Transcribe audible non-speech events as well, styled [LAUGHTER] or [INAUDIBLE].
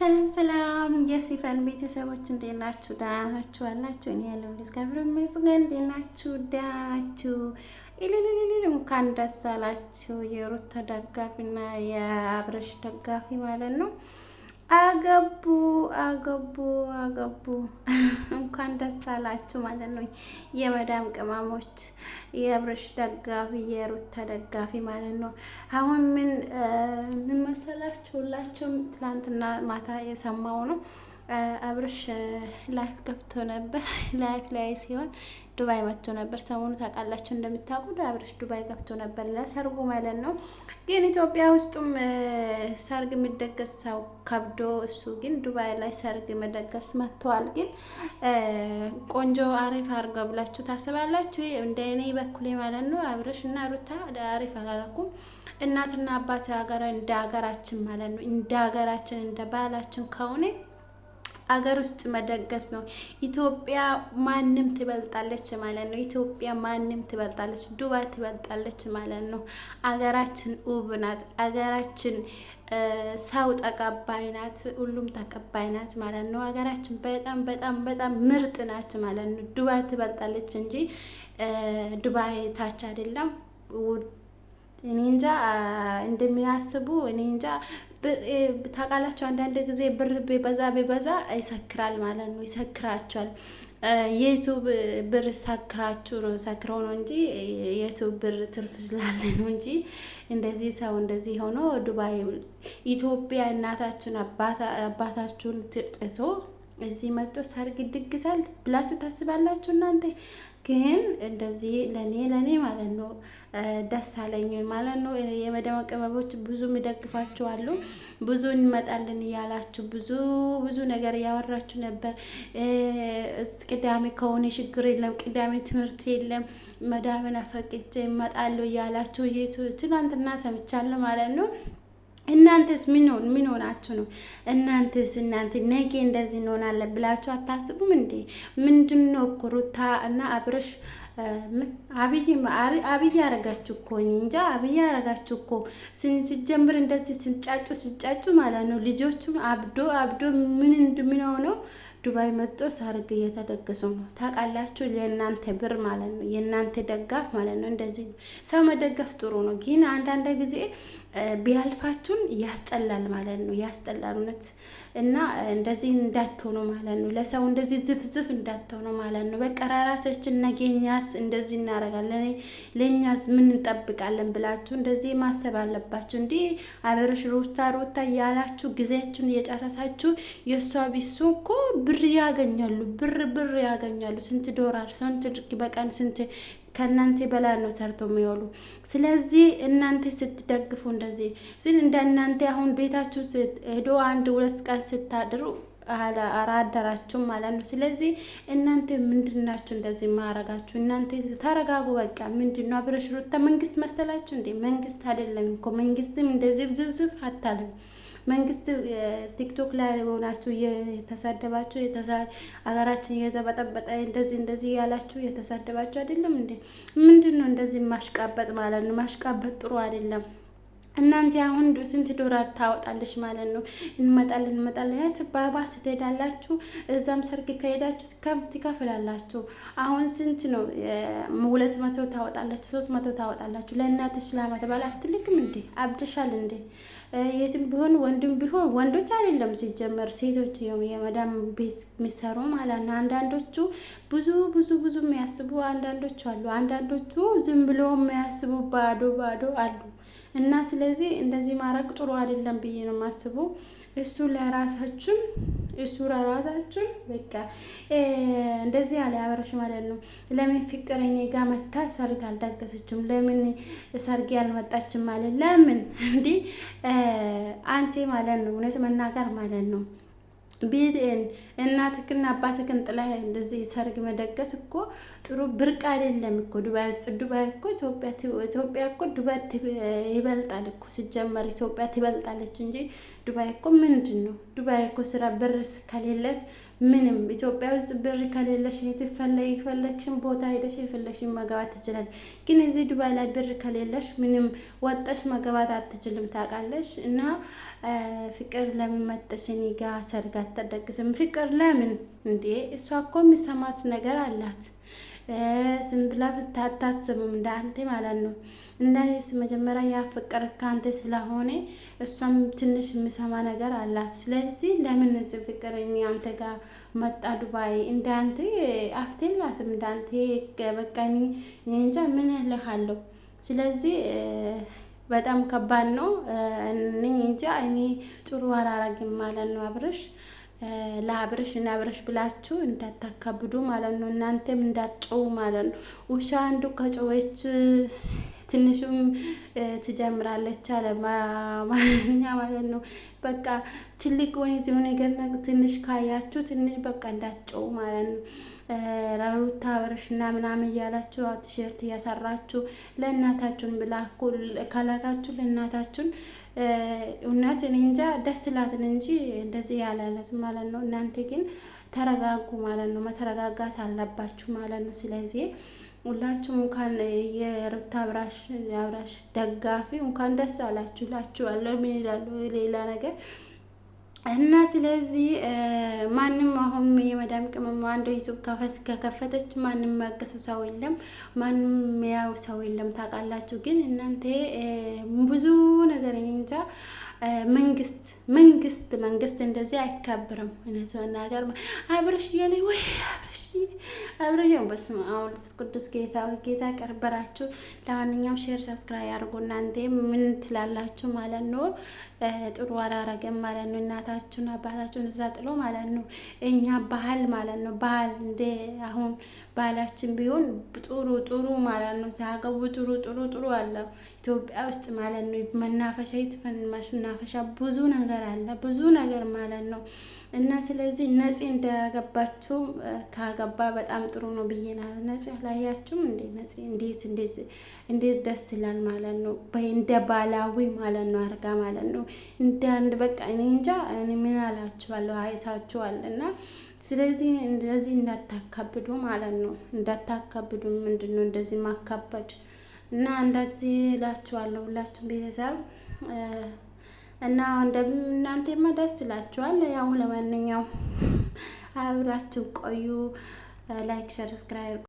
ሰላም ሰላም የሲፈን ቤተሰቦች እንዴት ናችሁ? ደህና ናችሁ አላችሁ? እኔ ያለው እግዚአብሔር ይመስገን። እንዴት ናችሁ? ደህና ናችሁ? ኢልልልል እንኳን ደስ አላችሁ የሩት ደጋፊና የአብረሽ ደጋፊ ማለት ነው። አገቡ አገቡ አገቡ። [LAUGHS] እንኳን ደስ አላችሁ ማለት ነው የመዳም ቅመሞች፣ የብርሽ ደጋፊ፣ የሩታ ደጋፊ ማለት ነው። አሁን ምን ምን መሰላችሁ? ሁላችሁም ትናንትና ማታ የሰማው ነው አብርሽ ላይፍ ገብቶ ነበር። [LAUGHS] ላይፍ ላይ ሲሆን ዱባይ መጥቶ ነበር። ሰሞኑ ታውቃላችሁ፣ እንደምታውቁ አብርሽ ዱባይ ገብቶ ነበር ለሰርጉ ማለት ነው። ግን ኢትዮጵያ ውስጡም ሰርግ የሚደገስ ሰው ከብዶ፣ እሱ ግን ዱባይ ላይ ሰርግ መደገስ መጥተዋል። ግን ቆንጆ አሪፍ አድርገው ብላችሁ ታስባላችሁ? እንደ እኔ በኩሌ ማለት ነው አብርሽ እና ሩታ አሪፍ አላረኩም። እናትና አባት ሀገር እንደ ሀገራችን ማለት ነው እንደ ሀገራችን እንደ ባህላችን ከሆነ አገር ውስጥ መደገስ ነው። ኢትዮጵያ ማንም ትበልጣለች ማለት ነው። ኢትዮጵያ ማንም ትበልጣለች፣ ዱባይ ትበልጣለች ማለት ነው። አገራችን ውብ ናት። አገራችን ሰው ተቀባይ ናት። ሁሉም ተቀባይ ናት ማለት ነው። ሀገራችን በጣም በጣም በጣም ምርጥ ናት ማለት ነው። ዱባይ ትበልጣለች እንጂ ዱባይ ታች አይደለም። እኔ እንጃ እንደሚያስቡ እኔ እንጃ። ታቃላቸው አንዳንድ ጊዜ ብር ቢበዛ ቢበዛ ይሰክራል ማለት ነው፣ ይሰክራቸዋል። የዩቱብ ብር ሰክራችሁ ነው ሰክረው ነው እንጂ የዩቱብ ብር ትርፍ ስላለ ነው እንጂ እንደዚህ ሰው እንደዚህ ሆኖ ዱባይ ኢትዮጵያ እናታችን አባታችሁን ትጥቶ እዚህ መጥቶ ሰርግ ይድግሳል ብላችሁ ታስባላችሁ እናንተ? ግን እንደዚህ ለእኔ ለእኔ ማለት ነው ደስ አለኝ ማለት ነው። የመደመ ቅመሞች ብዙ የሚደግፋችሁ አሉ። ብዙ እንመጣልን እያላችሁ ብዙ ብዙ ነገር እያወራችሁ ነበር። ቅዳሜ ከሆነ ችግር የለም ቅዳሜ ትምህርት የለም መዳምን አፈቅቼ እመጣለሁ እያላችሁ ትናንትና ሰምቻለሁ ማለት ነው። እናንተስ ምን ምን ሆናችሁ ነው? እናንተስ እናንተ ነገ እንደዚህ እንሆናለን ብላችሁ አታስቡም እንዴ? ምንድን ነው እኮ ሩታ እና አብረሽ አብይ አብይ ያረጋችሁ እኮ እንጃ፣ አብይ ያረጋችሁ እኮ እንደዚህ ሲጫጩ ስንጫጩ ማለት ነው። ልጆቹም አብዶ አብዶ ምን ምን ነው ዱባይ መጥቶ ሰርግ እየተደገሱ ነው። ታውቃላችሁ፣ የእናንተ ብር ማለት ነው፣ የእናንተ ደጋፍ ማለት ነው። እንደዚህ ሰው መደገፍ ጥሩ ነው፣ ግን አንዳንድ ጊዜ ቢያልፋችሁን ያስጠላል ማለት ነው። ያስጠላል እውነት እና እንደዚህ እንዳትሆኑ ማለት ነው። ለሰው እንደዚህ ዝፍዝፍ እንዳትሆኑ ማለት ነው። በቃ ራራሳችን ነገኛስ እንደዚህ እናደርጋለን ለእኛስ ምን እንጠብቃለን ብላችሁ እንደዚህ ማሰብ አለባችሁ። እንዲህ አበረሽ ሮታ ሮታ ያላችሁ ጊዜያችሁን እየጨረሳችሁ የእሷ ቢሱ እኮ ብር ያገኛሉ። ብር ብር ያገኛሉ። ስንት ዶላር ስንት በቀን ስንት ከእናንተ በላይ ነው ሰርቶ የሚወሉ። ስለዚህ እናንተ ስትደግፉ እንደዚህ ስል እንደ እናንተ አሁን ቤታችሁ ሄዶ አንድ ሁለት ቀን ስታድሩ አራደራችሁ ማለት ነው። ስለዚህ እናንተ ምንድናችሁ እንደዚህ ማረጋችሁ? እናንተ ተረጋጉ። በቃ ምንድነው አብረሽ ሩታ መንግስት መሰላችሁ እንዴ? መንግስት አይደለም እኮ መንግስትም እንደዚህ ዝዝፍ አታለም መንግስት ቲክቶክ ላይ ሆናችሁ የተሳደባችሁ ሀገራችን እየተበጠበጠ እንደዚህ እንደዚህ ያላችሁ የተሳደባችሁ አይደለም እንዴ? ምንድን ነው እንደዚህ ማሽቃበጥ ማለት ነው? ማሽቃበጥ ጥሩ አይደለም። እናንተ አሁን ስንት ዶላር ታወጣለች ማለት ነው? እንመጣለን እንመጣለን ያች ባባ ስትሄዳላችሁ እዛም ሰርግ ከሄዳችሁ ትከፍላላችሁ። አሁን ስንት ነው? ሁለት መቶ ታወጣላችሁ፣ ሶስት መቶ ታወጣላችሁ። ለእናትሽ ለአመት ባል አትልክም እንዴ? አብደሻል እንዴ? የትም ቢሆን ወንድም ቢሆን ወንዶች አይደለም ሲጀመር ሴቶች የመዳም ቤት የሚሰሩ ማለት ነው። አንዳንዶቹ ብዙ ብዙ ብዙ የሚያስቡ አንዳንዶቹ አሉ። አንዳንዶቹ ዝም ብሎ የሚያስቡ ባዶ ባዶ አሉ። እና ስለዚህ እንደዚህ ማድረግ ጥሩ አይደለም ብዬ ነው የማስበው። እሱ ለራሳችን እሱ ለራሳችን በቃ እንደዚህ ያለ አበረሽ ማለት ነው። ለምን ፍቅረኛ ጋር መታ ሰርግ አልዳገሰችም? ለምን ሰርግ ያልመጣችም ማለት ለምን እንዲህ አንቴ ማለት ነው እውነት መናገር ማለት ነው ቤቴን እናትክና አባትክን ጥላ እንደዚህ ሰርግ መደገስ እኮ ጥሩ ብርቅ አይደለም እኮ ዱባይ ውስጥ። ዱባይ እኮ ኢትዮጵያ እኮ ዱባይ ይበልጣል እኮ ሲጀመር ኢትዮጵያ ትበልጣለች እንጂ ዱባይ እኮ ምንድን ነው? ዱባይ እኮ ስራ ብር ከሌለት ምንም ኢትዮጵያ ውስጥ ብር ከሌለሽ የፈለግሽን ቦታ ሄደሽ የፈለግሽን መግባት ትችላለሽ። ግን እዚህ ዱባይ ላይ ብር ከሌለሽ ምንም ወጠሽ መግባት አትችልም። ታውቃለሽ። እና ፍቅር ለምን መጠሽ እኔ ጋ ሰርግ አታደግስም? ፍቅር ለምን እንዴ? እሷ እኮ የሚሰማት ነገር አላት ስንብላ ብታታት ዝምም እንዳንተ ማለት ነው። እንደስ መጀመሪያ ያፈቀረ ካንተ ስለሆነ እሷም ትንሽ የምሰማ ነገር አላት። ስለዚህ ለምን እዚህ ፍቅር አንተ ጋር መጣ ዱባይ እንዳንተ አፍቴላትም እንዳንተ በቃኝ እንጃ ምን እልሃለሁ። ስለዚህ በጣም ከባድ ነው። እኔ እንጃ እኔ ጥሩ አራራግም ማለት ነው አብርሽ ለአብረሽ እናብረሽ ብላችሁ እንዳታካብዱ ማለት ነው። እናንተም እንዳትጮው ማለት ነው። ውሻ አንዱ ከጮኸች ትንሹም ትጀምራለች አለ በአማርኛ ማለት ነው። በቃ ትልቅ ወይኑ ነገር ትንሽ ካያችሁ ትንሽ በቃ እንዳትጮው ማለት ነው። ሩታ አብርሽና ምናምን እያላችሁ ቲሸርት እያሰራችሁ ለእናታችሁን ብላኩ ካላካችሁ ለእናታችሁን እውነት እኔ እንጃ ደስ ላትን እንጂ እንደዚህ ያላለት ማለት ነው። እናንተ ግን ተረጋጉ ማለት ነው። መተረጋጋት አለባችሁ ማለት ነው። ስለዚህ ሁላችሁም እንኳን የሩታ አብራሽ አብራሽ ደጋፊ እንኳን ደስ አላችሁ እላችኋለሁ። ምን ይላሉ ሌላ ነገር እና ስለዚህ ማንም አሁን የመዳም ቅመም አንዱ ዩቱብ ከፈት ከከፈተች ማንም የሚያገሱ ሰው የለም፣ ማንም የሚያው ሰው የለም። ታውቃላችሁ። ግን እናንተ ብዙ ነገር እንጃ መንግስት መንግስት መንግስት እንደዚህ አይከብርም። እውነት መናገር አብረሽ እያለ ወይ አብረሽ አብረጀው በስመ አብ ወመንፈስ ቅዱስ ጌታ ጌታ ቀርበራችሁ። ለማንኛውም ሼር ሰብስክራይብ አድርጉ። እናንተ ምን ትላላችሁ ማለት ነው? ጥሩ አላረገም ማለት ነው። እናታችሁን አባታችሁን እዛ ጥሎ ማለት ነው። እኛ ባህል ማለት ነው። ባህል እንደ አሁን ባህላችን ቢሆን ጥሩ ጥሩ ማለት ነው። ሲያገቡ ጥሩ ጥሩ ጥሩ አለው ኢትዮጵያ ውስጥ ማለት ነው። መናፈሻ ይትፈን መናፈሻ ብዙ ነገር አለ ብዙ ነገር ማለት ነው። እና ስለዚህ ነፂ እንዳያገባችው ካገባ በጣም ጥሩ ነው ብዬ ና ነፂ ላያችሁም እንዴ ነፂ እንዴት እንዴት ደስ ይላል ማለት ነው። እንደ ባላዊ ማለት ነው አርጋ ማለት ነው እንደ አንድ በቃ እኔ እንጃ ምን አላችኋለሁ አይታችኋል። እና ስለዚህ እንደዚህ እንዳታካብዱ ማለት ነው እንዳታካብዱ። ምንድን ነው እንደዚህ ማካበድ እና እንደዚህ እላችኋለሁ ሁላችሁም ቤተሰብ እና እንደምን እናንተማ ደስ ይላችኋል። ያው ለማንኛውም አብራችሁ ቆዩ። ላይክ ሸር፣ ሰብስክራይብ